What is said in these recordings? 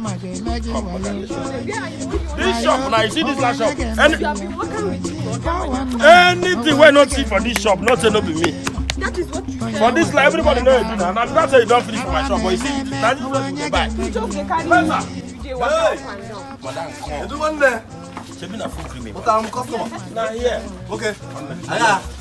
This shop now, you see this last shop. Any, anything we not see for this shop, not say no be me. For this life, everybody know you do now. Now because you don't finish for my shop, but you see, that is what you buy. You hey. You Madam, You do one there. Shebi na full cream. But I'm customer. Na here. Okay. Aya.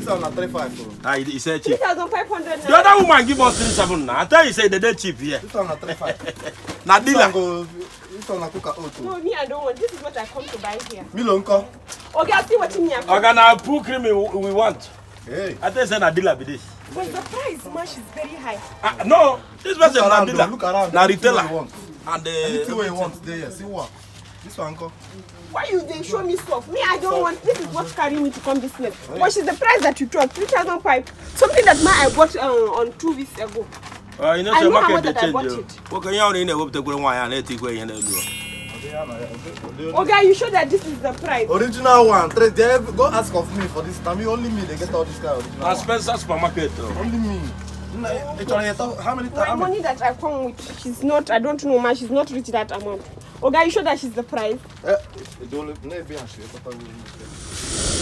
This one na three five. Bro. Oh. Ah, he, said cheap. Three thousand five hundred. The other woman give us three seven. Now I tell you, say they dey cheap here. This one na three five. na dealer. This one go. This one na coca oat. Oh. No, me I don't want. This is what I come to buy here. Milonko. Okay, I see what you mean. Okay, now pool cream we, want. Hey. I tell you, say na be this. But the price much is very high. Ah, no, this person na dealer. Look around. Na retailer. And the. Anything wey you want there, uh, see what. This one, go. Why you they show me stuff? Me, I don't so, want. This is what carry me to come this place. Oh, yeah. is the price that you dropped, 3,005. Something that my I bought uh, on two weeks ago. Uh, you know, I know how much that I bought you. it. Okay, you only know the green and let go in the you sure that this is the price? Original one. Three They go ask of me for this time. Only me they get all this kind of original. At Spencer supermarket. Only me. Eh, how many times? My money that I come with, she's not. I don't know, much. She's not rich that amount. Oga, you sure that she's the prize?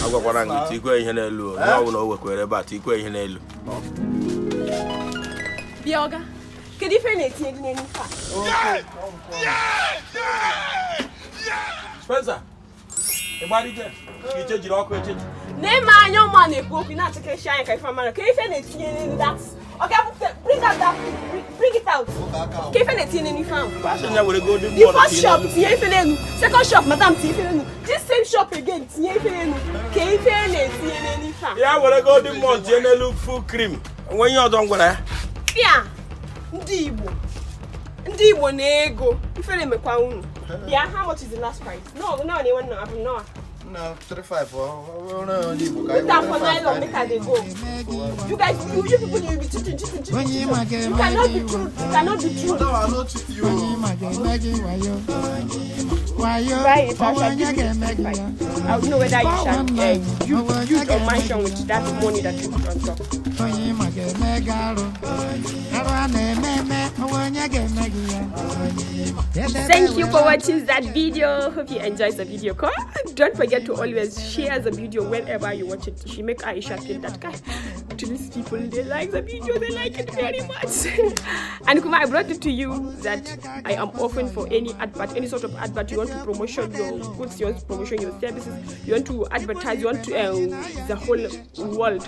agwakwara gị ka ikwe ihe n'elu onye ọbụla o eh? wekwere ebe a ka ikwe ihe n'elu bịa ọga kedu ife na-etinye gị n'elu ife a spensa ịgbarịje ka iche jiri ọkụ echeji na-eme anya ụmụ a na-ekwu okwu na-achịkọchi anya ka ife mara kedu ife na-etinye n'elu dat ọga Bring out that food. Bring, bring it out. Kí ifẹ̀ lè ti ní ní farm? Fashion yẹn wèrè golden ball. The first shop tiẹ̀ ifẹ̀ lẹ́nu. Second shop madam tiẹ̀ ifẹ̀ lẹ́nu. This same shop again tiẹ̀ ifẹ̀ lẹ́nu. Kì í fẹ́ lè tiẹ̀ ní ní farm. Yẹ wèrè golden ball tiẹ̀ n'elu full cream. Nwe ihe ọzọ ngwere. Fia ndị Igbo ndị Igbo na ego ifere mekwa unu. Bịa how much is the last price? No, no, anyone no, I have no. No, three five. Oh, I you guys. Put for nylon, You guys, you, you people, you be cheating, cheating, cheating. You cannot be true. You cannot be true. No, I'm not cheating you. Why? it, Why? Give me this bike. I will know whether you shall uh, eh, you build your mansion with that money that you put on top. Onye ma ga-eme gị arụ, arụ a na-eme eme, onwe onye ga-eme gị ya. Thank you for watching that video. Hope you enjoyed the video. Call. Don't forget to always share the video whenever you watch it. She make Aisha feel that guy. To these people, they like the video. They like it very much. and Kuma, I brought it to you that I am open for any advert, any sort of advert you want to promotion your goods, you want to promotion your services, you want to advertise, you want to uh, the whole world,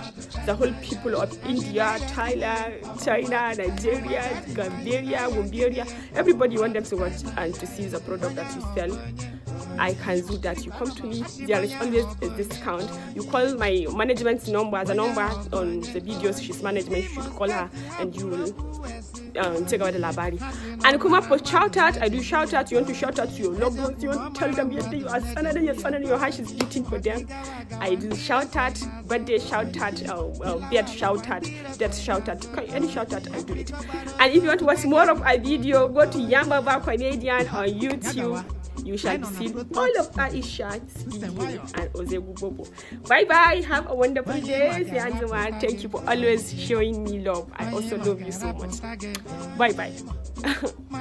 the whole people of India, Thailand, China, Nigeria, Gambia, Womberia, everybody want them to watch and to see the product that you sell I can do that. You come to me, there is always a discount. You call my management number, the number on the videos she's management, you should call her and you will um, take away the labari. And come up for shout out. I do shout out. You want to shout out to your loved ones. You want to tell them yesterday? you are son your son and your heart is beating for them. I do shout out, birthday shout out, uh, uh, beard shout out, death shout out. Any shout out, I do it. And if you want to watch more of our video, go to Yamba Canadian on YouTube you shall receive all of Aishat's and Ozegu Bobo. Bye bye. Have a wonderful day. thank you for always showing me love. I also love you so much. Bye bye.